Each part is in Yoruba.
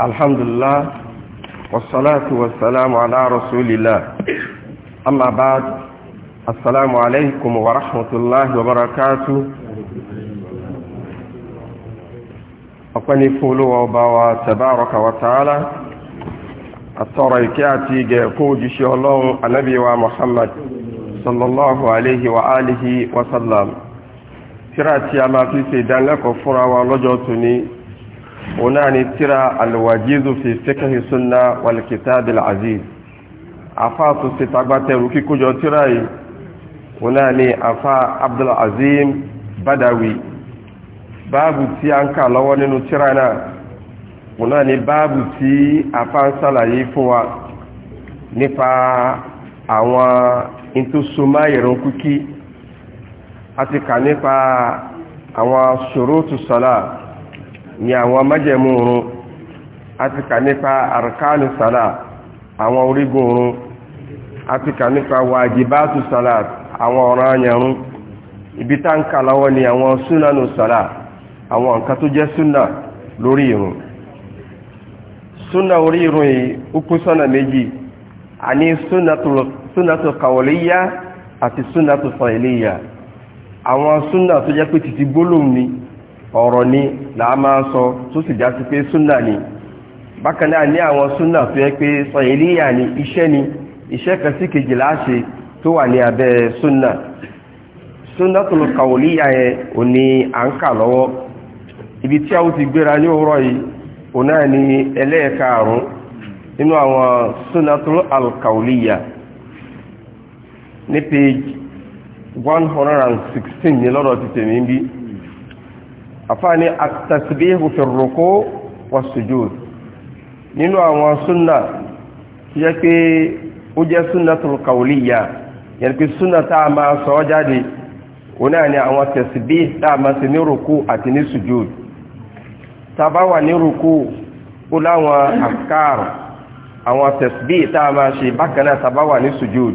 الحمد لله والصلاة والسلام على رسول الله أما بعد السلام عليكم ورحمة الله وبركاته أقني فولو وبوا تبارك وتعالى أترى الكاتي جاكوج شيولون النبي ومحمد صلى الله عليه وآله وسلم تراتي أما في سيدان لك فرع ولجوتني òun náà ni tíra alwajizu fi fiqhi sunna wal kitab al aziz afa tó ṣe tagbátẹrù kíkójọ tíra yìí òun náà ni afa abdul azim badawi báàbù tí a ń kà lọ́wọ́ nínú tíra náà òun náà ni báàbù tí afa ń sàlàyé fún wa nípa àwọn ìtòsúnmá ìrún kíkí a ti kà nípa àwọn ṣòro tó ni àwọn májẹ̀mú oorun a kà nípa arkanu salat àwọn orígun oorun a kà nípa salat àwọn ibi tá ń kà lọ́wọ́ ni àwọn salat àwọn nǹkan tó jẹ́ súnà lórí irun súnà orí irun yìí ó kú sọ́nà méjì a ní súnatu kawliya àti súnatu fa'iliya àwọn súnà tó jẹ́ pé títí gbólóhùn ni ọ̀rọ̀ ni là á máa sọ tó sì já sí pé súnà ni bákan náà ní àwọn súnà tó yẹ pé sọ̀yìnlíyà ni iṣẹ́ ni iṣẹ́ kan sí kejì láṣe tó wà ní abẹ́ súnà súnà tó lọ kàwòlíyà yẹn ò ní à ń kà lọ́wọ́ ibi tí a ó ti gbéra ní òwúrọ̀ yìí ò náà ní ẹlẹ́ẹ̀kaàrún nínú àwọn súnà tó lọ alkàwòlíyà ní page one hundred and sixteen ní lọ́dọ̀ ti tèmi bí. afani at-tasbihu fi ar-ruku was-sujud ninu awon sunna je ke o je sunnatul qawliya yani ke sunnata ma so jadi una ni awon tasbih da ma se ni ruku ati ni sujud tabawa ni ruku kula wa akkar awon tasbih ta ma se bakana tabawa ni sujud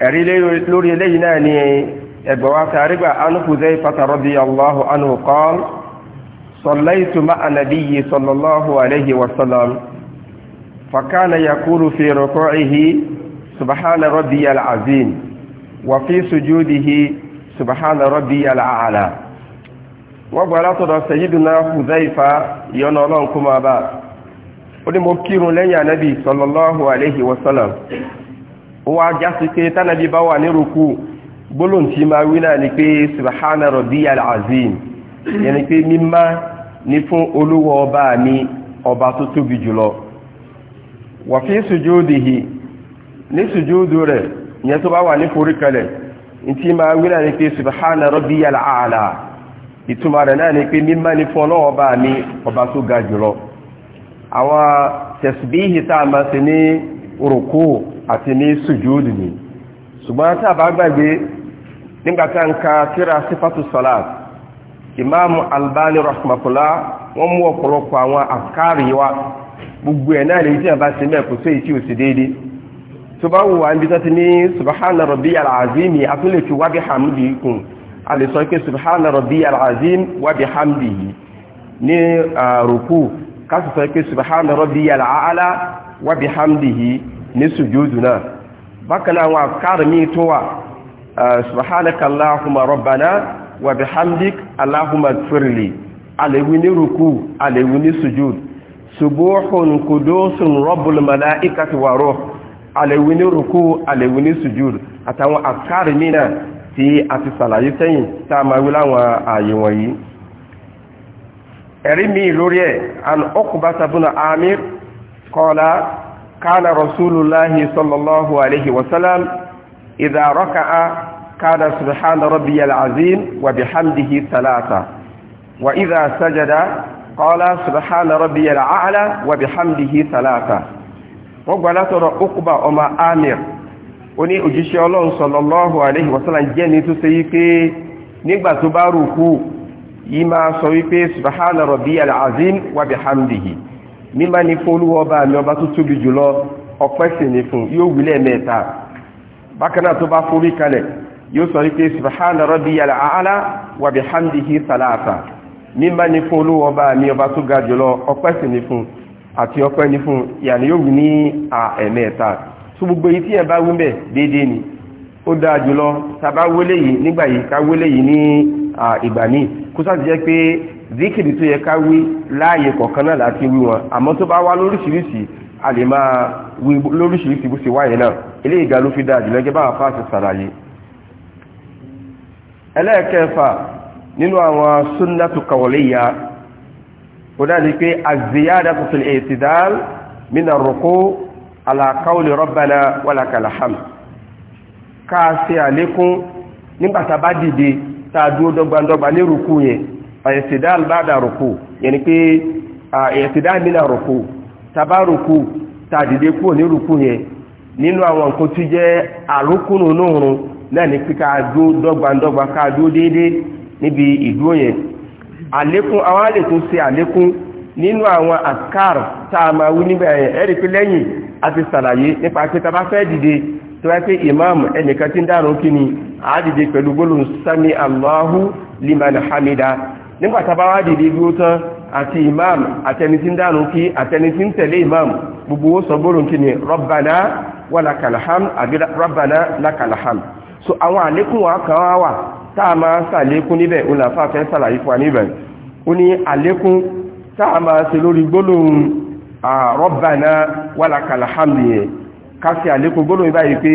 eri lori eleyi na ni ẹgbẹ̀wá tàrígbà anúkùzẹ́ ìfàtàrọ́bí aláhu anúkọ́l صليت مع النبي صلى الله عليه وسلم فكان يقول في ركوعه سبحان ربي العظيم وفي سجوده سبحان ربي الأعلى وبلغت سيدنا حذيفة يونا لهم كما بعد ودي مكير لن النبي صلى الله عليه وسلم وجاسك تنبي بوا نركوع gbólóhùn tí máa wí náà ni pé subhana rabbiyal azim yẹni pé mímá ni fún olúwa ọba mi ọba tó tóbi jùlọ wà fi sujudihi ní sujudu rẹ̀ ìyẹn tó bá wà ní foríkalẹ̀ tí máa wí náà ni pé subhana rabbiyal aala ìtumọ̀ rẹ̀ náà ni pé mímá ni fún ọlọ́wọ́ ọba mi ọba tó ga jùlọ àwọn tẹ̀sìbíhì táa ma ṣe ní orùkú àti ní sùjúdù ni ṣùgbọ́n tàbá gbàgbé nígbà tí a ń ka tíra sífàtú salat ìmáàmù albani rahmatullah wọ́n mú ọ̀pọ̀lọpọ̀ àwọn àkárì wa gbogbo ẹ̀ náà lèyí tí a bá ṣe mẹ́ kò sí èyí tí ò sí déédéé tó bá wù wá níbi tó ti ní subhana rabbiyal azimi àtúnlẹ̀ tí hamdi kùn a pé subhana rabbiyal azim wábi hamdi ní rùkú ká sì sọ pé subhana rabbiyal aala wábi hamdi ní sùjúdù náà bákan náà àwọn àkárì míì tó wà subhanaka allahumma rabbana wa bihamdik allahumma firli alewi ni ruku alewi ni sujud subuhun kudusun rabbul malaikati wa ruh alewi ni ruku alewi ni sujud àtàwọn afkar mina tí ati ṣàlàyé sẹ́yìn tá ma wí láwọn àyè wọ̀nyí ẹ̀rí mi lórí ẹ̀ an Uqbata bun Amir qala kana rasulullahi sallallahu alaihi wasallam إذا ركع قال سبحان ربي العظيم وبحمده ثلاثة وإذا سجد قال سبحان ربي الأعلى وبحمده ثلاثة وقبلتر أقبى أما آمر oní òjíṣẹ́ ọlọ́run sallallahu alaihi wasallam jẹ́ ní tó ṣe wípé nígbà tó bá rùkú yí máa sọ wípé subhana rabbiyal azim wa bihamdihi mímá ní fún olúwọ́ba mi ọba tó tóbi jùlọ ọpẹ́ sì ní fún yóò wílẹ̀ mẹ́ta bákan náà tó bá forí kalẹ̀ yóò sọ wípé subhana rabbiyal a'la wa bihamdihi salasa mímá ní fún olówó ọba mi ọba tó ga jùlọ ọpẹ́ sì ní fún àti ọpẹ́ ní fún yàní yóò wù ní ẹ̀mẹ́ta tó gbogbo yìí tí ẹ bá wí mẹ́ ni ó dáa jùlọ tàbá wọlé yìí nígbà yìí ká wọlé yìí ní ìgbà míì kó sáà ti jẹ́ pé zikiri tó yẹ ká wí láàyè kọ̀ọ̀kan náà láti wí wọn àmọ́ tó bá wá lóríṣiríṣi a lè máa wí lóríṣìíríṣìí bó ṣe wáyé náà ilé ìga ló fi dáa jùlọ gẹ́gẹ́ bá wọn fáṣẹ sàlàyé ẹlẹ́ẹ̀kẹfà nínú àwọn sunnatu kawaliyya ó dáa ní pé az-ziyadatu fil i'tidal min ar-ruku' ala qawli rabbana wa lakal hamd ká ṣe àlékún nígbàtà bá dìde a dúró dọ́gbandọ́gba ní tàbá rùkú tàdìdé kúrò ní rùkú yẹn nínú àwọn nǹkan tó jẹ́ àrókùnrin onóòrùn náà ní pé ká dúó dọ́gbandọ́gba ká dúó déédéé níbi ìdúró yẹn àlékún àwọn àlè tó ṣe àlékún nínú àwọn àkàr tá a máa wú níbẹ̀ yẹn ẹ̀rí pé lẹ́yìn a ti ṣàlàyé nípa pé tàbá fẹ́ dìde tó wáyé pé imam ẹnìkan ti ń dárun kí ni àá dìde pẹ̀lú gbólóhùn sami allahu liman hamida nígbà tàbá wá dìde bí ó tán àti imam àtẹni tí ń kí àtẹni imam gbogbo ó sọ gbóòrùn kí ni rabbana wa lakal hamd àbí rabbana lakal hamd so àwọn àlékún wa kan wá wà táà máa sàlékún níbẹ̀ olàfáàfẹ́ sàlàyé fún wa níbẹ̀ ó ní àlékún táà máa ṣe lórí gbólóhùn rabbana wa lakal hamd yẹn kásì àlékún gbólóhùn báyìí pé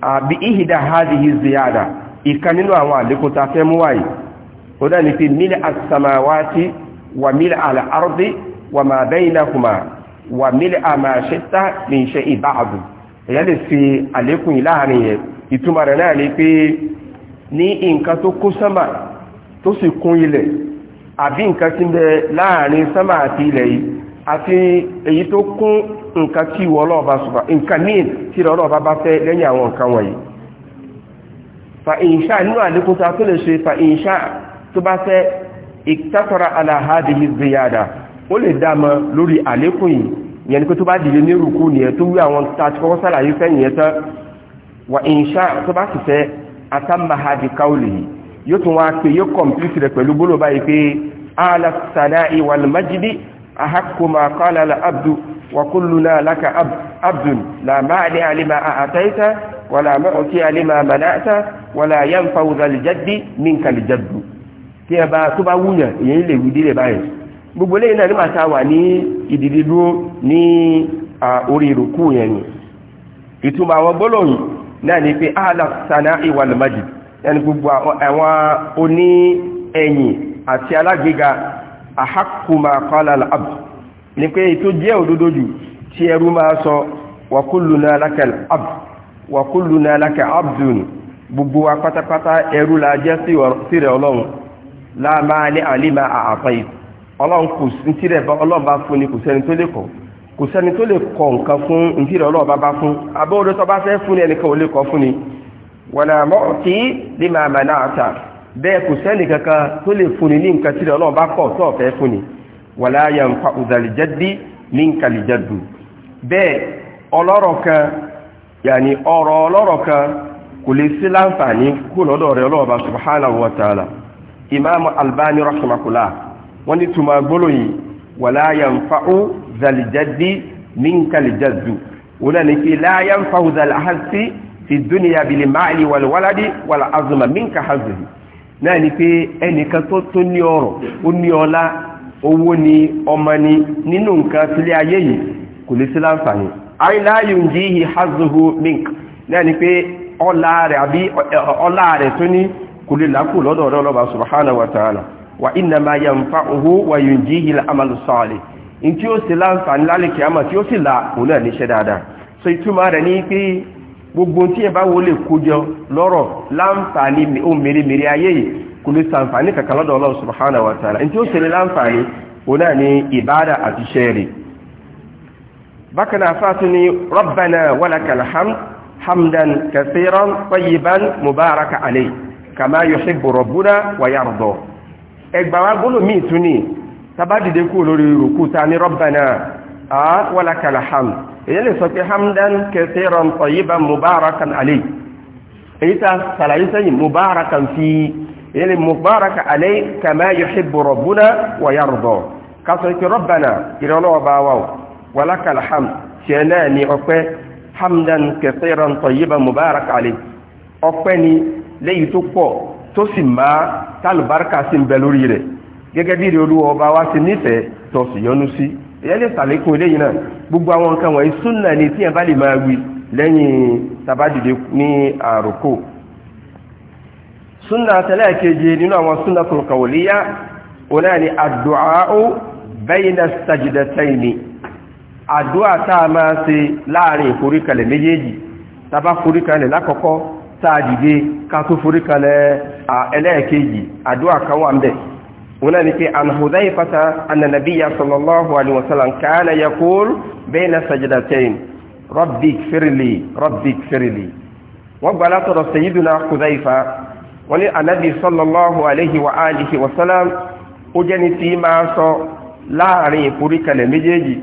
àbí ìhìdá hadhihi ziyada ìkan nínú àwọn àlékún ta fẹ́ mú wáyìí ó dá ní pé nílẹ̀ as-samawati wa mil'a al-ardi wa ma bainahuma wa mil'a ma sheta min shay'in ba'd èyàn lè fi ni pé ní kó sánmà tó sì kún ilẹ̀ àbí nǹkan tí bẹ láàrin sánmà àti ilẹ̀ yìí àti èyí tó kún nǹkan tí ìwọ ọlọ́ọ̀bá sọ̀rọ̀ nǹkan míì tí ọlọ́ọ̀bá bá fẹ́ lẹ́yìn àwọn nǹkan wọ̀nyí fa nínú àlékún tó a tó lè fa tó bá ìtàtọ̀rọ̀ aláhádì ní ziyada ó lè dáma lórí àlékún yìí yẹn ni pé tó bá dìde ní rùkú nìyẹn tó wí àwọn tàti kọ́kọ́ sàlàyé sẹ́yìn yẹn tán wà ìṣá tó bá sì fẹ́ atámbahádì káwòlì yóò tún wá pé yóò kọ̀mpútì rẹ̀ pẹ̀lú gbóló báyìí pé alasana ìwàlmájídì ahakuma kọ́lá abdu وكلنا لك أب عبد لا مانع لما أتيت ولا معطي لما منعت ولا ينفع ذا الجد منك الجد tí ẹ bá tó bá wúyàn èyí lè wí báyìí gbogbo lẹ́yìn náà nígbà a wà ní ìdìdì dúró ní orí ìrùkú yẹn ni ìtumọ̀ àwọn gbólóhùn náà ni pé ààlà sànà ẹni gbogbo àwọn oní ẹ̀yìn àti alágbèéga àhàkùmà kọ́lá ni pé ètò jẹ́ òdodo jù tí ẹrú máa sọ wàkúlùnà lákàlà àbù àbùdùn gbogbo ẹrú la jẹ́ sí rẹ̀ láàmà ní àlímà àpáyì ọlọ́run kò sí tí rẹ̀ ọlọ́run bá fún ni kò sẹ́ni tó lè kọ̀ kò sẹ́ni tó lè kọ̀ nǹkan fún ọlọ́run bá fún ni ẹnìkan ò lè kọ̀ fún ni wọ́n náà mọ́ kí ní kò sẹ́ni tó ni ní nǹkan tí rẹ̀ ọlọ́run bá kọ̀ tó ni wọ́n láyà ń fa òzàlìjẹ́dí ní nkàlìjẹ́dù bẹ́ẹ̀ ọlọ́rọ̀ kan yàní ọ̀rọ̀ ọlọ́rọ̀ kan kò lè sí láǹfààní kó lọ́dọ̀ rẹ̀ ọlọ́run bá subhanahu wa ta'ala imam albani rahimahullah wọ́n ní tuma gbólóyìn wala yanfa'u zalijaddi minka lijaddu wọ́n ní kí la yanfa'u zalahasi fi dúnìyà bìlì máàlì wàlúwàládì wàlá azùmà minka hazùhì náà ni pé ẹnìkan tó tó ní ọrọ̀ ó ní ọlá owó ni ọmọ ni nínú nǹkan sílé ayé yìí kò lè sí láǹfààní àìláyùn jíhì hazùhù mink náà ni pé ọlá rẹ̀ tó ní kò lè làákù lọ́dọ̀ ọ̀dọ̀ ọlọ́ba subhanahu wa ta'ala wa inna ma yanfa'uhu wa yunjihi al-amalu salih in tí ó sì láǹfààní lálẹ́ kìámà tí ó sì là òun náà níṣẹ́ dáadáa so ìtumọ̀ rẹ̀ ní pé gbogbo tí ẹ bá wo lè kójọ lọ́rọ̀ láǹfààní ohun mèremère ayé yìí kò lè sàǹfààní kankan lọ́dọ̀ ni mubaraka alayhi kàmá yuhibbu rabbuna wa yarda ẹgbà wa gbọ́dọ̀ míì tún ní tabadìde kú lórí rùkúta ní rabbana wa lakal hamd èyí lè sọ pé hamdan kathiran tayyiban mubarakan alayhi èyí ta sàlàyé sẹ́yìn mubarakan fi èyí lè mubaraka alayhi kàmá yuhibbu rabbuna wa yarda kásọ̀ ikú rabbana ìrọlọ́wọ́ bá wà walakal hamd tiẹ̀ náà ni ọpẹ́ hamdan kathiran tayyiban mubarak alayhi ọpẹ́ ni lẹ́yìn tó pọ̀ tó sì má tálùbáríkà sí ń bẹ lórí rẹ̀ gẹ́gẹ́ bí olúwa ọba wá ti nífẹ̀ẹ́ tó sì sí lè sàlékún eléyìí náà gbogbo àwọn nǹkan wọ̀nyí súnà ni tí ẹ̀ bá lè máa wí lẹ́yìn tabadìde ní àròkò súnà tẹ́lẹ̀ keje nínú àwọn súnà òun náà ni àdùá ó tá a máa ṣe láàrin ìforíkalẹ̀ tààdìde ká tó forí kalẹ̀ ẹlẹ́ẹ̀kejì àdúrà kan wà ń bẹ̀ wọ́n ní pé an Hudhayfata anna sallallahu alaihi wasallam kana yaqul bayna sajdatayn rabbi ighfirli rabbi ighfirli wọ́n gbà látọ̀rọ̀ sayyiduna Hudhayfa wọ́n ní anabi sallallahu alaihi wa alihi wasallam ó jẹ́ ni tí máa sọ láàrin ìforíkalẹ̀ méjèèjì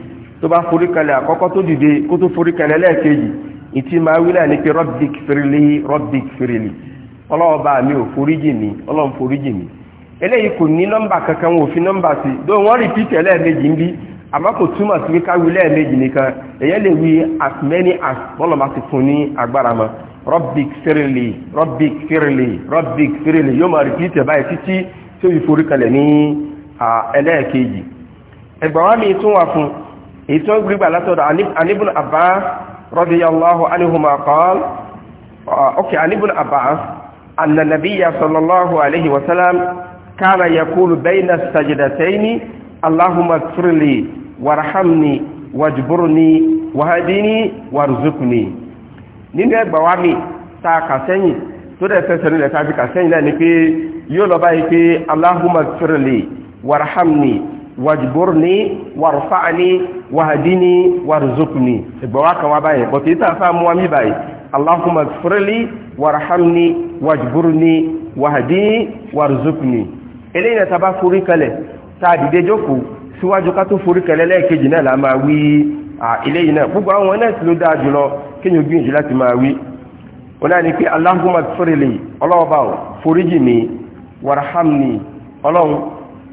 tó bá foríkalẹ̀ àkọ́kọ́ tó dìde kó tó foríkalẹ̀ lẹ́ẹ̀kejì ìtì máa wí náà ni pé rọ́bìk fìrìlì rọ́bìk fìrìlì ọlọ́wọ́ mi ò foríjì mi ọlọ́run foríjì mi eléyìí kò ní kankan wọn nọmba fi nọ́mbà sí i dó wọ́n nbi ẹlẹ́ẹ̀mejì ń bí àmọ́ túmọ̀ sí wíká wí lẹ́ẹ̀mejì nìkan èyẹ́ lè wí as many as bọ́lọ̀ bá ti fún ní agbára mọ́ rọ́bìk fìrìlì rọ́bìk fìrìlì rọ́bìk fìrìlì yóò máa báyìí títí tí ó رضي الله عنهما قال أوكي عن ابن عباس أن النبي صلى الله عليه وسلم كان يقول بين السجدتين اللهم اغفر لي وارحمني واجبرني وهدني وارزقني nínú ẹgbà wa mi ta kà sẹ́yìn tó dẹ̀ fẹ́ sẹ́yìn lẹ́ta fi kà sẹ́yìn náà ni pé yóò lọ wàjúbórní wàrúfáàní wàhadíní wàrúzókùní ìgbọ̀wá kan wá báyìí bọ̀tí ìta fáà mú wa mí báyìí aláhùnmá fúrẹ́lì wàrúhámní wàjúbórní wàhadíní wàrúzókùní. eléyìí náà tábà forí kalẹ̀ tá a dìde jókòó síwájú ká tó forí kalẹ̀ lẹ́ẹ̀kejì náà la máa wí eléyìí náà gbogbo àwọn náà sì ló dáa jùlọ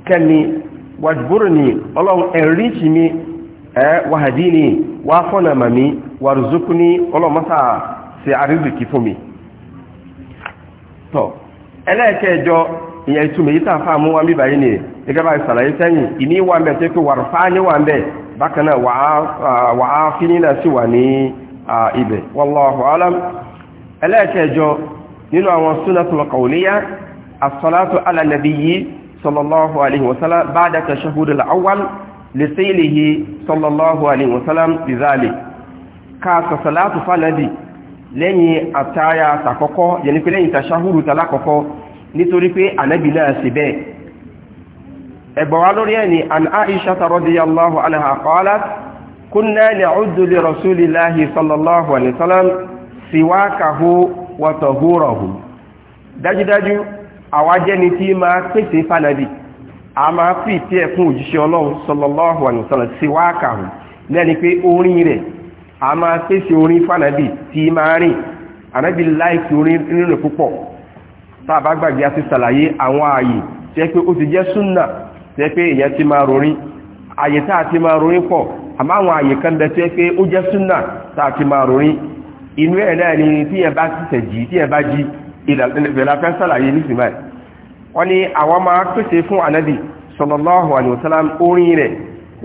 kéèyàn wàjúbúrúni ọlọ́run enrich mi ẹ́ eh, wàhádìní wà fọ́nà màmí wàrùzúkúní ọlọ́mọ́sà sí àrízùkí fún mi tọ́ ẹlẹ́ẹ̀kẹ́jọ ìyẹn ìtumọ̀ yìí tàfà wa bíbáyé ni gẹ́gẹ́ bá ìsàlàyé sẹ́yìn ìní wà ń bẹ̀ tó pé wàrùfá ní wà ń bẹ̀ bákan náà wà á fi nílẹ̀ sí wà ní صلى الله عليه وسلم بعد التشهد الأول لسيله صلى الله عليه وسلم بذلك كاس صلاة فالذي لن أتايا تكوكو يعني في لن تشهد تلاكوكو nítorí pé ànábì náà sì bẹ́ẹ̀ ẹ̀bọ̀wá lórí ẹni an aisha radiyallahu anha qalat kunna na'uddu li rasulillahi sallallahu alaihi wasallam siwakahu wa tahurahu dájúdájú àwa jẹ́ni tí máa pèsè fànàbì a ma fi ìtí ẹ̀kún òjíṣẹ́ ọlọ́run sallallahu alaihi sí wá lẹ́ni pé orin rẹ̀ a máa pèsè orin fànàbì tí máa rìn ànábì láìsí orin rírìn púpọ̀ tá gbàgbé a ti ṣàlàyé àwọn ààyè tẹ́ pé ó ti jẹ́ súnà tẹ́ pé ti máa rorin ààyè tá a ti máa rorin pọ̀ àmọ́ àwọn ààyè kan bẹ tẹ́ pé ó jẹ́ súnà tá a ti máa rorin inú ẹ̀ náà ni bá ti tẹ̀ jí tíyẹn bá ìdàgbẹ̀lá fẹ́ sàlàyé ní sinmi wọ́n ní àwọn máa pèsè fún ànábì sallallahu alaihi wasallam orin rẹ̀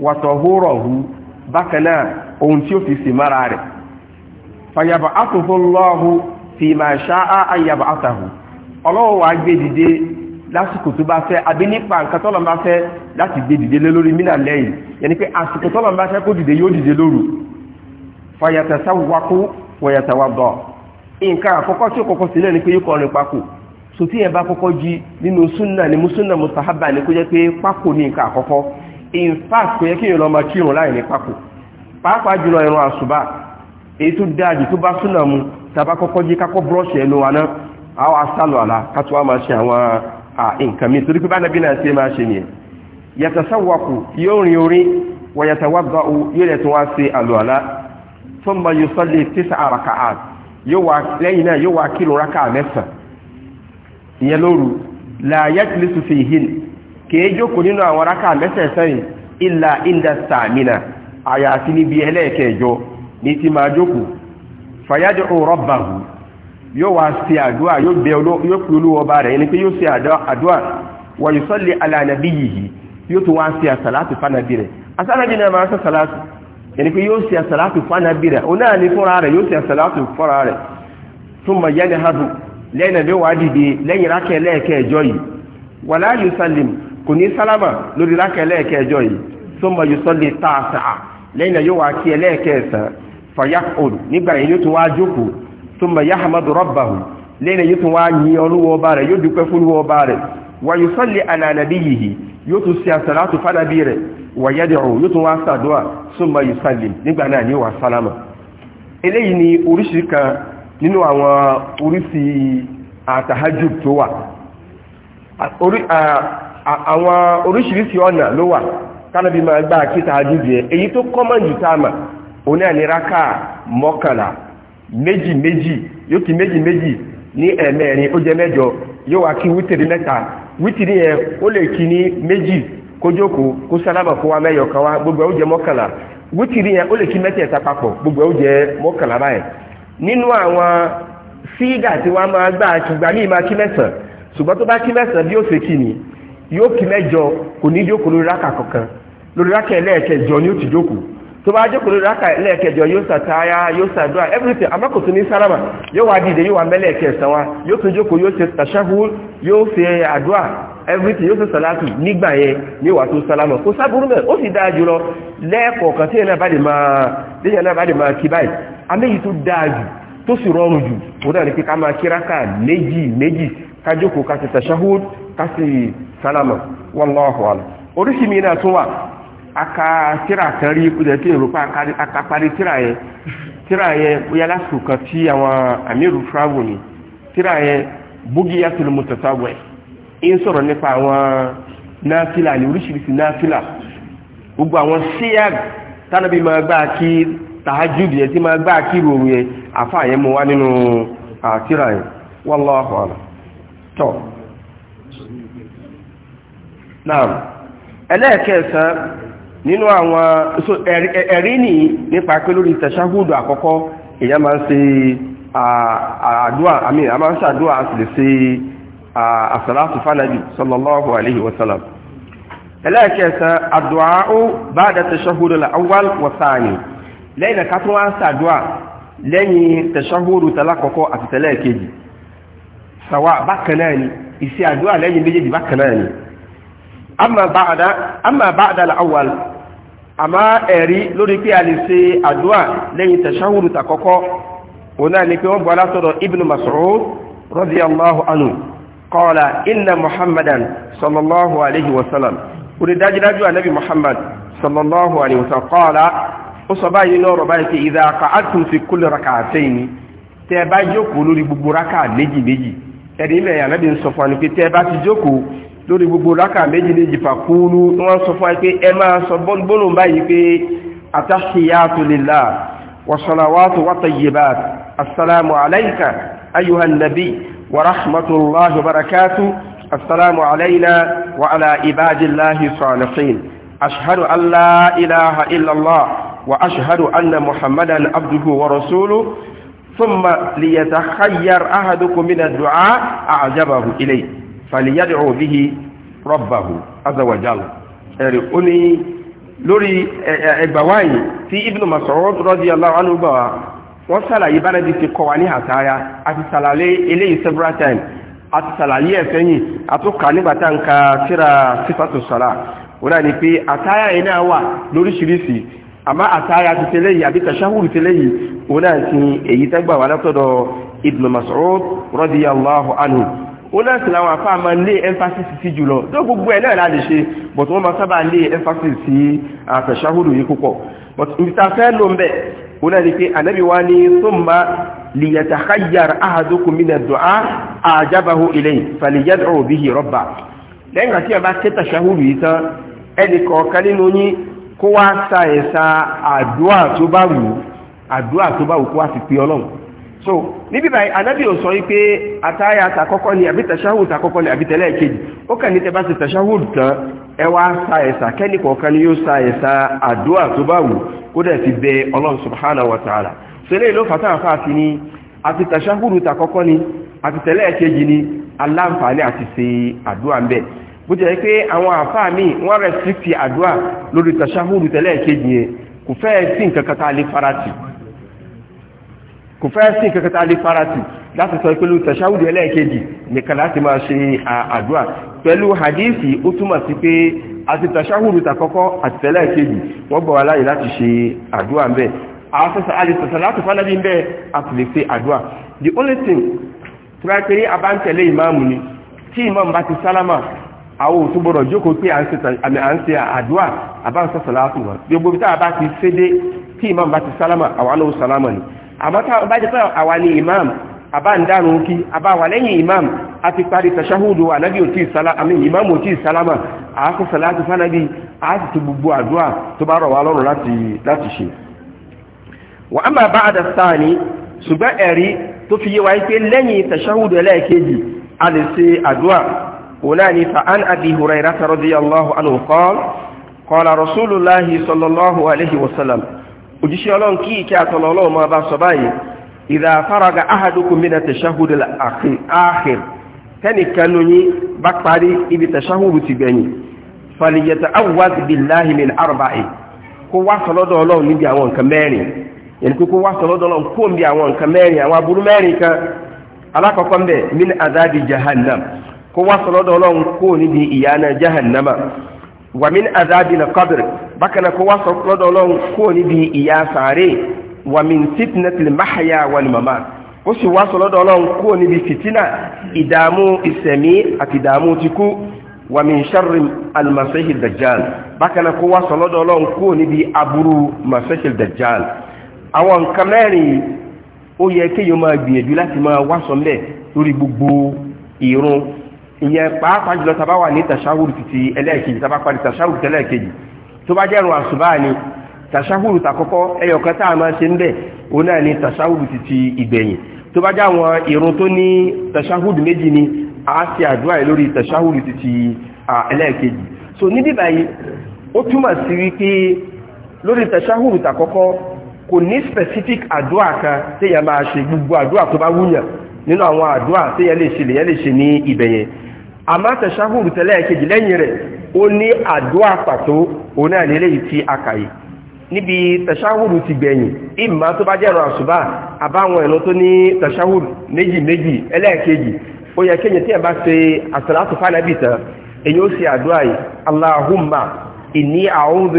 wàtọ̀húrọ̀hú bákanáà ohun tí ó fi sì mara rẹ̀ fàyàbà átùfúnlọ́hù fi ma ṣáá àyàbà átàhù ọlọ́wọ́ wa gbé dìde lásìkò tó bá fẹ́ àbí nípa nǹkan nǹkan àkọ́kọ́ tí ó kọ́kọ́ sílẹ̀ ni pé yóò kọrin pákò so tí ẹ bá kọ́kọ́ jí nínú súnà ni súnà mustahaba ni kó jẹ́ pé pákò ní nǹkan àkọ́kọ́ in fact kò yẹ kí èèyàn lọ máa láì ní pákò pàápàá jùlọ ìrun àsùbá èyí tó dáàjù tó bá súnà mu kọ́kọ́ jí kákọ́ búrọ́ọ̀ṣì ẹnu wa náà àwọn asálọ̀ àlá kátó máa ṣe àwọn nǹkan bá nàbí náà ṣe yóò wá lẹ́yìn náà yóò wá kírun rákà mẹ́sàn ìyẹn lóru làyẹ́tìlì sùfì ìhìn kìí jókòó nínú àwọn rákà mẹ́sẹ̀ẹ̀sán yìí ìlà ìndàsà mìíràn àyàfi níbi ẹlẹ́ẹ̀kẹjọ ní ti máa jókòó fàyájọ́ rọ́bàhù yóò wá sí àdúà yóò bẹ olúwọba rẹ̀ ní pé yóò sí àdúà wà yóò sọ́lé alànàbí yìí yóò tún wá sí àsàlátù fánàbí rẹ̀ asánàbí náà máa sọ yẹni pé yóò ṣe àsàlátù fánàbí rẹ̀ òun náà ní fúnra rẹ̀ yóò ṣe àsàlátù fúnra rẹ̀ tún mọ̀ yẹni hadu lẹ́yìn ẹ̀dẹ́ wàá dìde lẹ́yìn rákẹ́ lẹ́ẹ̀kẹ́ẹ̀jọ́ yìí wàlá yusalim kò ní sálámà lórí rákẹ́ lẹ́ẹ̀kẹ́ẹ̀jọ́ yìí tún mọ̀ yusọ́lì tààsà lẹ́yìn yóò wá kí ẹlẹ́ẹ̀kẹ́ẹ̀sán fayakul nígbà yìí yóò tún wá jókòó wàyùsọ́lì àlànàbí yìí yóò tún sí àsàlátù fánàbí rẹ̀ wàyẹ́dẹ̀ ọ̀hún yóò tún wá sàdúà súnmọ́ yùsọ́lì nígbà náà ní wà ni kan àwọn oríṣi ọ̀nà ló wà tánàbí máa gbà kí tàájú èyí tó kọ́mọ̀ táàmà òní àníraka mọ́kànlá méjì méjì yóò kí méjì méjì ní ẹ̀mẹ́rin ó jẹ mẹ́jọ yóò wítìrí yẹn ó lè kí ní méjì kó jókòó kó sálábà kó mẹ́yọ̀ kan wá gbogbo ẹ̀ ó jẹ́ mọ́kànlá wítìrí yẹn ó lè kí mẹ́tẹ̀ẹ̀ta papọ̀ gbogbo ẹ̀ ó jẹ́ mọ́kànlá báyìí nínú àwọn sígà tí wọ́n máa gbà ṣùgbà míì máa kí mẹ́sàn ṣùgbọ́n tó bá kí mẹ́sàn bí ó ṣe kí ni yóò kí mẹ́jọ kankan lórí rákà ni tó bá jẹ́ kòrò ráka lẹ́ẹ̀kẹjọ yóò sàtáyá yóò sàdúrà everything amákòtò ní sáramà yóò wá dìde yóò wá mẹ́lẹ̀kẹsàn wa yóò tún jókòó yóò ṣe tàṣáhù yóò ṣe àdúrà everything yóò ṣe sàlátù nígbà yẹn ní wà tó sáramà kò sábúrú mẹ́ ó sì dáa jùlọ lẹ́ẹ̀kọ̀ọ̀kan tí ẹ̀nà bá lè máa kí báyìí améyìí tó dáa jù tó sì rọrùn jù ó dà ní pé ká máa kí ráka méjì méjì ká jókòó ká ṣe tàṣáhù ká sì sáramà wallahu alam oríṣi mi náà tún wà aka tíra kan rí kúlẹ̀ tí èrò pa aka parí tíra yẹn tíra yẹn bóyá lásìkò kan tí àwọn amíru fúráwò ni tíra yẹn bógi yàtò ló mú tọ́tọ́ wẹ̀ ń sọ̀rọ̀ nípa àwọn náfìlà ní oríṣiríṣi náfìlà gbogbo àwọn síyàg tánàbí máa gbá kí tàájú yẹn tí máa gbá kí ròrò yẹn àfa yẹn mú wá nínú tíra yẹn wallahu a'lam tọ́ náà ẹlẹ́ẹ̀kẹ́sàn nínú àwọn ẹ̀rí ní nípa pé lórí tẹ̀ṣáhùdù àkọ́kọ́ èyàn máa ń ṣe àdúà àmì àmà ń ṣàdúà àti lè ṣe àṣàlátù fánàbì sallallahu alaihi wasallam ẹlẹ́ẹ̀kẹsàn àdúà ó bá dá tẹ̀ṣáhùdù al-awwal wa thani lẹ́yìn ẹ̀ká tó wọ́n ṣàdúà lẹ́yìn tẹ̀ṣáhùdù tẹ́lákọ́kọ́ àti tẹ́lẹ́ẹ̀kejì sàwà bákan náà ni ìṣe àdúà lẹ́yìn méjèèjì àmá ẹ̀rí lórí pé a lè ṣe àdúà lẹ́yìn tẹ̀ṣáhùrù tàkọ́kọ́ òun náà ni pé wọ́n bu alásọ̀rọ̀ ibn Mas'ud radiyallahu anhu qala inna muhammadan sallallahu alayhi wa sallam orí dájúdájú ànábì muhammad sallallahu alayhi wa sallam qala ó sọ báyìí ní ọ̀rọ̀ báyìí pé idha qa'adtum fi kulli rak'atayn tẹ́ bá lórí gbogbo rákà méjì ní ìjìfà kúrú wọ́n sọ fún pé ẹ máa sọ bọ́lù báyìí pé atahiyatu lillah wa salawatu wa tayyibat assalamu alayka ayyuhan nabi wa rahmatullahi wa barakatuh assalamu alayna wa ala ibadillahi salihin ashhadu an la ilaha illallah wa ashhadu anna muhammadan abduhu wa rasuluhu thumma liyatahayyar ahadukum min ad-du'a a'jabahu fàlìyàdì òbíhi rọ́bàhù azawajal ẹ̀rì ó ní lórí ẹgbàwáyì tí ibnu Mas'ud radiyallahu anhu gbà wá wọ́n sàlàyé bá nẹ́bí ti kọ́ wa ní àtàrà àti sàlàyé eléyìí several times àti sàlàyé ẹ̀fẹ́yìn àtúkà nígbàtà ń ka síra sífàtò sàlà wọ́n náà ni pé àtàrà yìí náà wà lóríṣiríṣi àmá àtàrà ti tẹ́lẹ̀ yìí àbí tàṣáhùrù tẹ́lẹ̀ ó náà sì làwọn àfáà máa lé emphasis sí jùlọ tó gbogbo ẹ̀ náà láti ṣe but wọ́n máa sábà lé emphasis sí àfẹ̀ṣáhùrù yìí púpọ̀ but mr fẹ́ ló ń bẹ̀ ó náà ní pé ànábì wá ní sọ́mbà lìyàtàkáyàr ahadukum min ad-du'a ajabahu ilayhi falyad'u bihi rabba lẹ́yìn àti ẹ̀bá kẹta ṣáhùrù yìí tán ẹnì kọ̀ọ̀kan nínú yín kó wá sa ẹ̀sà àdúà tó bá wù àdúà tó bá wù kó wá fi pe ọlọ́run so níbí báyìí anábì ò sọ wípé àtàyà àtàkọ́kọ́ ni àbí tàṣáhùd àkọ́kọ́ ni àbí tẹ̀lé ìkejì ó kàn ní tẹ́ bá ti tàṣáhùd tán ẹ sa ẹ̀sà kẹ́ni kọ̀ọ̀kan ni yóò sa ẹ̀sà àdúrà tó bá wù kó dẹ̀ ti bẹ ọlọ́run subhanahu wa ta'ala sẹ́lẹ̀ ló fàtà àfáàfi ni àti tàṣáhùd àkọ́kọ́ ni àti tẹ̀lé ìkejì ni aláǹfààní àti ṣe àdúrà ń bẹ̀ bó jẹ́ pé àwọn àfáà míì wọ́n restrict àdúrà lórí tàṣáhùd tẹ̀lé ìkejì yẹn kò fẹ́ sí nǹkan kẹta lè farati láti sọ pẹ̀lú tẹ̀ṣáwùdì ẹlẹ́ẹ̀kejì nìkan láti máa ṣe àdúrà pẹ̀lú hadithi ó túmọ̀ sí pé àti tẹ̀ṣáwùdì tàkọ́kọ́ àti tẹ̀lẹ́ẹ̀kejì wọ́n gbọ́ aláyè láti ṣe àdúrà bẹ́ẹ̀ àfẹ́sẹ̀ alìsọ̀sọ̀ láti fánàbí bẹ́ẹ̀ àti lè ṣe àdúrà the only thing tí wọ́n pè ní abáńtẹ̀lé ìmáàmù ni tí ìmáàmù bá ti sálámà àwọn òtúbọ̀rọ̀ jókòó pé à ń ṣe àdúrà àbáńsọ̀sọ̀ láti wọ́n gbogbo bí táà bá ti ṣédé tí ìmáàmù bá ti sálámà àwọn anáwó sálámà ni àmọ́ táwọn bá jẹ́ pé àwa ni imam àbá ń dárun kí àbá wà lẹ́yìn imam a ti parí tàṣáhùdù ànábì òtí ìsálámà imam òtí ìsálámà àákú sàlátì fánàbí àti ti gbogbo àdúrà tó bá rọ̀ wá lọ́rùn láti ṣe wà á máa bá àdàsáà ní ṣùgbọ́n ẹ̀rí tó fi yé wa pé lẹ́yìn tàṣáhùdù ẹlẹ́ẹ̀kejì a lè ṣe àdúrà òun ni fa'an abi hurairah radiyallahu alaihi wasallam òjíṣẹ́ ọlọ́run kí ìkẹ́ àtọ̀nà ọlọ́run máa bá sọ báyìí ìdá faraga ahadukum mina tashahudul akhir tẹ́nìkan nu yín bá parí ibi tashahudu ti gbẹ̀yìn faliyata awwaz billahi min arba'i kó wá sọlọ́dọ̀ ọlọ́run níbi àwọn nǹkan mẹ́rin yẹn kó wá sọlọ́dọ̀ ọlọ́run kó níbi àwọn nǹkan mẹ́rin àwọn aburú wàmín azabi na kọbìrì bákan kó wá sọ̀rọ̀ lọ́dọ̀ kó níbi ìyà sàárè wàmín fitnatil mahaya wal mama ó sì wá sọ̀rọ̀ lọ́dọ̀ kó níbi fitina ìdààmú ìsẹ̀mí àti ìdààmú ti kú wàmín sharri almasihi dajjal bákan kó wá sọ̀rọ̀ lọ́dọ̀ kó níbi aburú masihi dajjal àwọn nǹkan mẹ́rin ó yẹ kéèyàn máa gbìyànjú láti máa wá sọ mbẹ́ lórí gbogbo ìrun ìyẹn pàápàá jùlọ tàbá wà ní tàṣáhùrù títí ẹlẹ́ẹ̀kejì tàbá parí tàṣáhùrù tẹ́lẹ̀kejì tó bá jẹ́rùn àṣùbá ni tàṣáhùrù tàkọ́kọ́ ẹyọ̀kan tá a máa ṣe ń bẹ̀ ó náà ní tàṣáhùrù títí ìgbẹ̀yìn so níbí báyìí ó túmọ̀ sí wípé lórí tàṣáhùrù kò ní specific àdúrà kan téèyàn máa ṣe gbogbo àdúrà tó bá wúyàn nínú àwọn àdúrà téèyàn lè ṣe lè ṣe ní ibẹ̀yẹn àmọ́ tẹ̀ṣáhùrù tẹ́lẹ̀ kejì lẹ́yìn rẹ̀ ó ní àdúà pàtó òun náà lélẹ̀ yìí ti akàyè níbi tẹ̀ṣáhùrù ti gbẹ̀yìn ìmọ̀ tó bá jẹ́rọ àṣùbà àbáwọn ẹ̀nà tó ní tẹ̀ṣáhùrù méjì méjì ẹlẹ́ẹ̀kejì ó yẹ kéyìn tí ẹ bá ṣe àṣàlátù fánàbì tán èyí ó ṣe àdúà yìí aláhùnmá ìní a'udhu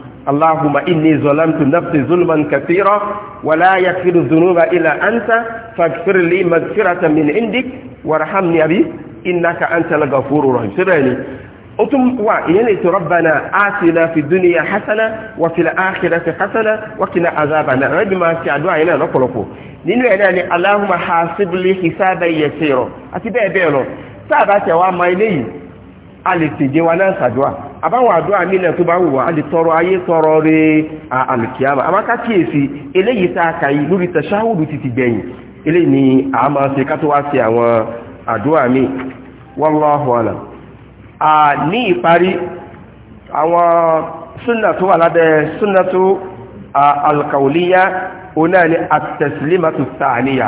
اللهم إني ظلمت نفسي ظلما كثيرا ولا يغفر الذنوب إلا أنت فاغفر لي مغفرة من عندك وارحمني أبي إنك أنت الغفور الرحيم سرني أتم وإن ربنا آتنا في الدنيا حسنة وفي الآخرة حسنة وقنا عذابنا ربي ما سيعدوا إلى نقلقه nínú ẹ̀ náà ni Allahumma hasibli hisaban yasira àti bẹ́ẹ̀ bẹ́ẹ̀ lọ sáàbá a lè tèje wa náà ṣàdúrà àbáwọn àdúrà nílẹ̀ tó bá wùwà a lè tọrọ ayé tọrọ rẹ̀ àlùkíyàmà àmáká kíyèsí eléyìí tá a kà lórí tẹ̀ṣáhùdù ti ti gbẹ̀yìn eléyìí ni a máa ṣe ká tó wá ṣe àwọn àdúrà mi wallahu alam a ní ìparí àwọn súnà tó wà lábẹ́ súnà tó alkauliya onáà ni àtẹ̀sílímàtò tààníyà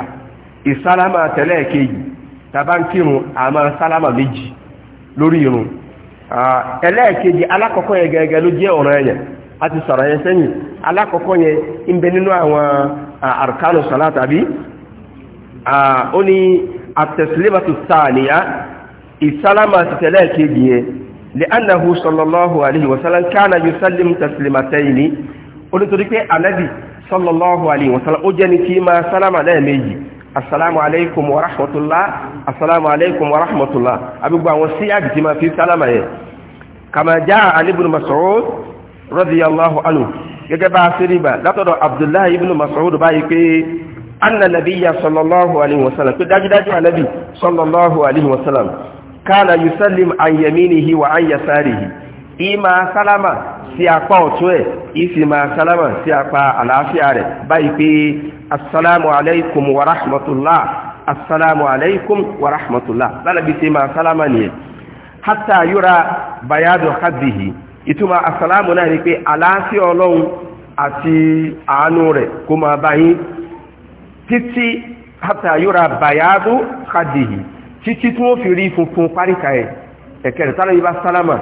ìsálámà tẹ̀lẹ́ẹ̀kejì tàbá ń kírun àmà sálámà méjì lórí irun ẹlẹ́ẹ̀kejì alákọ̀ọ́kọ́ yẹn gẹ́gẹ́ ló jẹ́ ọ̀ràn ẹ̀yẹn a ti sọ̀rọ̀ yẹn sẹ́yìn alákọ̀ọ́kọ́ yẹn ń bẹ nínú àwọn arkanu salat àbí ó ní atẹ̀sílẹ́bàtò sáàníyá ìsálámà ti tẹ̀lẹ́ kejì yẹn lẹ́annahu sallallahu alaihi wasallam kana yusallim taslimatayni ó nítorí pé anabi sallallahu alaihi wasallam ó jẹ́ ni kí asalaamu aleykum wa rahmatulah asalaamu aleykum wa rahmatulah abigbọ àwọn sí àgìtì máa fi sálámà yẹ kàmá já alibun masoud radiyallahu anhu gẹ́gẹ́ bá a ṣe rí bá látọ̀dọ̀ abdullahi ibn masoud báyìí pé anna nabiyya sallallahu alaihi wasallam pé dájúdájú anabi sallallahu alaihi wasallam kana yusallim an yaminihi wa an yasarihi ìmà sálámà sí apá ọ̀tún ẹ̀ ìsìmà sálámà sí apá àlàáfíà rẹ̀ báyìí pé assalamu alaikum wa rahmatullah assalamu alaikum wa rahmatullah lánàbí sí ìmà sálámà nìyẹn hatta yura bayadu khaddihi ìtumà assalamu náà ni pé àlàáfíà ọlọ́run àti àánú rẹ̀ kó máa báyìí títí hatta yura bayadu khaddihi títí tí wọ́n fi rí funfun páríkà ẹ̀ ẹ̀kẹ́rẹ̀ tálọ́ bá sálámà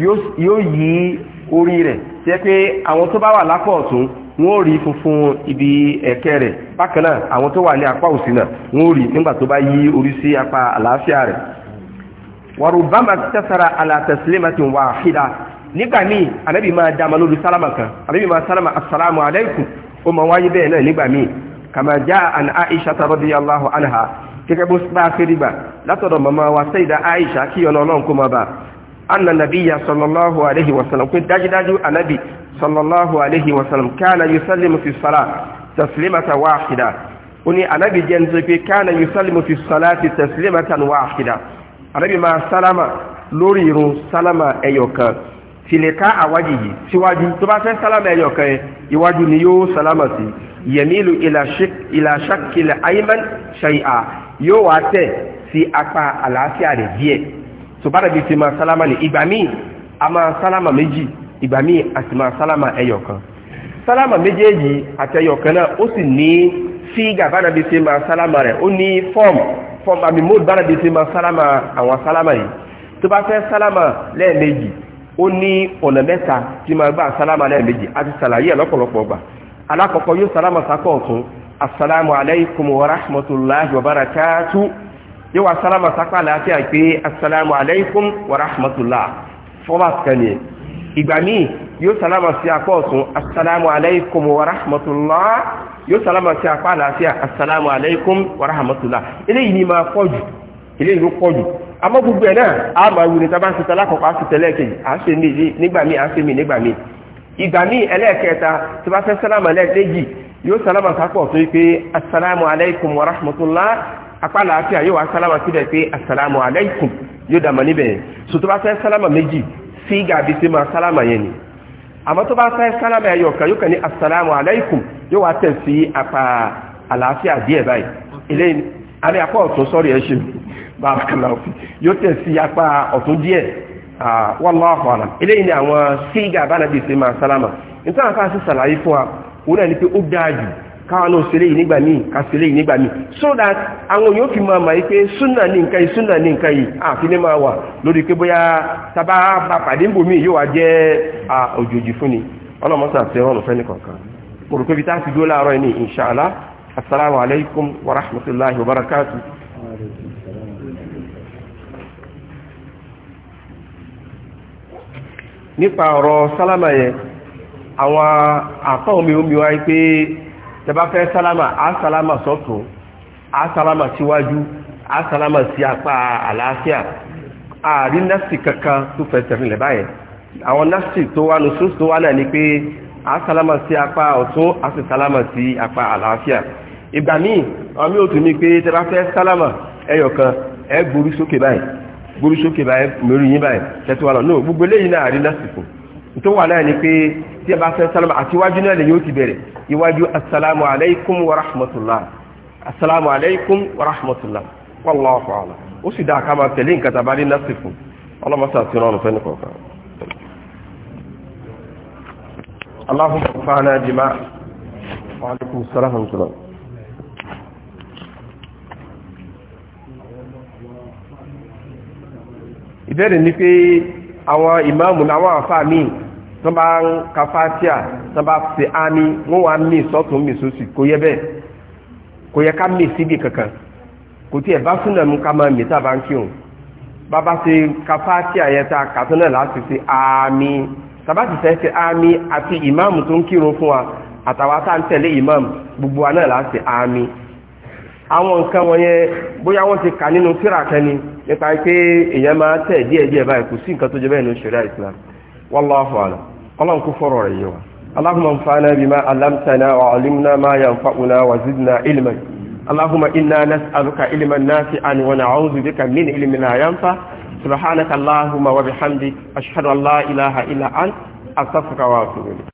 yóò yí orí rẹ̀ tí ẹ pé àwọn tó bá wà funfun ibi ẹ̀kẹ́ rẹ̀ bákan náà àwọn tó wà ní apá òsì náà wọ́n rí nígbà tó bá yí orí sí apá àlàáfíà rẹ̀ wàrùbámà tẹ́sára alátẹ̀sílẹ́mẹ́tì wàhídà nígbà míì anábì máa dáma lórí sálámà kan anábì máa sálámà assalamu alaikum ó máa wáyé bẹ́ẹ̀ náà nígbà míì kàmá aisha radiyallahu gẹ́gẹ́ bó bá a ṣe rí látọ̀dọ̀ wa aisha kó máa anna nabiyya sallallahu alaihi wasallam pé dájúdájú anabi sallallahu alaihi wasallam kana yusallimu fi salat taslimata wahida ó ní anabi jẹ́ nítorí pé kana yusallimu fi salati taslimatan wahida anabi máa sálámà lórí irun sálámà ẹyọkan tìlẹ̀ká àwájì yìí síwájú tó bá fẹ́ sálámà ẹyọkan ẹ ni yóò sálámà sí yẹ̀mílù ìlàṣàkìlẹ̀ ayman ṣayà yóò wá tẹ̀ sí apá àlàáfíà rẹ̀ díẹ̀ sùbára bíi ti máa sálámà ní ìgbà míì a máa sálámà méjì ìgbà míì a sì máa sálámà ẹyọ kan sálámà méjèèjì àti ẹyọ kan náà ó sì ní fígà bára bíi ti máa sálámà rẹ̀ ó ní fọ́ọ̀mù fọ́ọ̀mù àmì móòdù bára bíi ti máa sálámà àwọn sálámà yìí tó bá fẹ́ sálámà lẹ́ẹ̀mejì ó ní ọ̀nà mẹ́ta tí máa gbà sálámà lẹ́ẹ̀mejì a ti sàlàyé lọ́pọ̀lọpọ̀ gbà alákọ̀ọ́kọ́ yóò sálámà sákọ̀ assalamu alaikum wa rahmatullahi wa barakatuh yóò wá sálámà sápá láàfíà pé assalamu alaikum wa rahmatullah format kan yẹn ìgbà míì yóò sálámà sí apá ọ̀tún assalamu alaikum wa rahmatullah yóò sálámà sí apá láàfíà assalamu alaikum wa rahmatullah eléyìí ni máa pọ̀jù eléyìí ló pọ̀jù àmọ́ gbogbo ẹ̀ náà a máa wù ní tábà ń sita lákọ̀ọ́kọ́ a sì tẹ̀lé yóò sálámà sápọ̀ tó yí pé assalamu wa rahmatullah apá làáfíà yóò wá sálámà síbẹ̀ pé asàlámù aláìkùm yóò dàmọ́ níbẹ̀ yẹn so tó bá fẹ́ sálámà méjì sí gàbí sí máa sálámà yẹn ni àmọ́ tó bá fẹ́ sálámà ẹ̀yọ̀ kan yóò kàn ní asàlámù aláìkùm yóò wá tẹ̀ sí apá àlàáfíà díẹ̀ báyìí eléyìí alẹ́ apá ọ̀tún sọ́ọ̀rì ẹ̀ ṣe bàbá kan náà yóò tẹ̀ sí apá ọ̀tún díẹ̀ wallahu alam eléyìí ni àwọn sígà bánàbí sí máa sálámà nítorí àwọn afáàsì sàlàyé fún wa òun náà ní pé ó dáa jù káwọn náà sílé yìí nígbà míì ká yìí nígbà míì so that àwọn yóò fi máa mọ̀ yìí pé súnà ní nǹkan yìí súnà ní nǹkan yìí àfi ní máa wà lórí pé bóyá tábà bá pàdé ń bò míì yóò wá jẹ́ òjòjì fún ni ọlọ́mọsà fẹ́ ọ̀nà fẹ́ nìkankan mo rò pé bí táà dúró láàárọ̀ ní inṣàlá assalamu alaikum wa rahmatullahi wa barakatuh nípa ọ̀rọ̀ sálámà yẹn àwọn àfọ́ omi omi wáyé pé tẹ́bá fẹ́ sálámà á sálámà sọ́tún á sálámà síwájú á sálámà sí apá àlàáfíà ààrí násì kankan tó fẹsẹ̀ rinlẹ̀ báyẹn àwọn násì tó wà ní sóòsì tó wà náà ni pé á sálámà sí apá ọ̀tún á sì sálámà sí apá àlàáfíà ìgbà míì àwọn mí ò tún ní pé tẹ́bá fẹ́ sálámà ẹyọkan ẹ gborí sókè báyìí gborí sókè báyìí mẹ́rin yín báyìí tẹ́tí wà lọ tí a bá fẹ́ sálámà àti iwájú náà lè yóò ti bẹ̀rẹ̀ iwájú assalamu alaikum wa rahmatullah assalamu alaikum wa rahmatullah wallahu ala ó sì dáa ká máa tẹ̀lé nǹkan tàbá ní násìkò ọlọ́mọsà tí wọ́n fẹ́ nìkan اللهم وفقنا جماع وعليكم السلام ورحمة الله ìbéèrè ni pé àwọn ìmáàmù làwọn tó bá ń ka fatia tó bá fi ami wọ́n wá mí sọ́tún mí sósì kò yẹ bẹ́ẹ̀ kò yẹ ká mí síbi kankan kò tí ẹ̀ bá súnà mú ká máa mí tá a bá ń kí òun bàbá ṣe ka fatia yẹ tá a náà láti ṣe ami tàbá ti fẹ́ ṣe ami àti ìmáàmù tó ń kírun fún wa àtàwọn tá à ń tẹ̀lé ìmáàmù gbogbo wa náà láti ami àwọn nǹkan wọ̀nyẹn bóyá wọ́n ti kà nínú tírà kan ni nípa pé èèyàn máa tẹ̀ díẹ̀díẹ̀ báyìí kò sí nǹkan tó jẹ bẹ́ẹ̀ ní Islam والله أعلم الله كفر أيها اللهم انفعنا بما علمتنا وعلمنا ما ينفعنا وزدنا علما اللهم إنا نسألك علما نافعا ونعوذ بك من علم لا ينفع سبحانك اللهم وبحمدك أشهد أن لا إله إلا أنت أستغفرك وأتوب إليك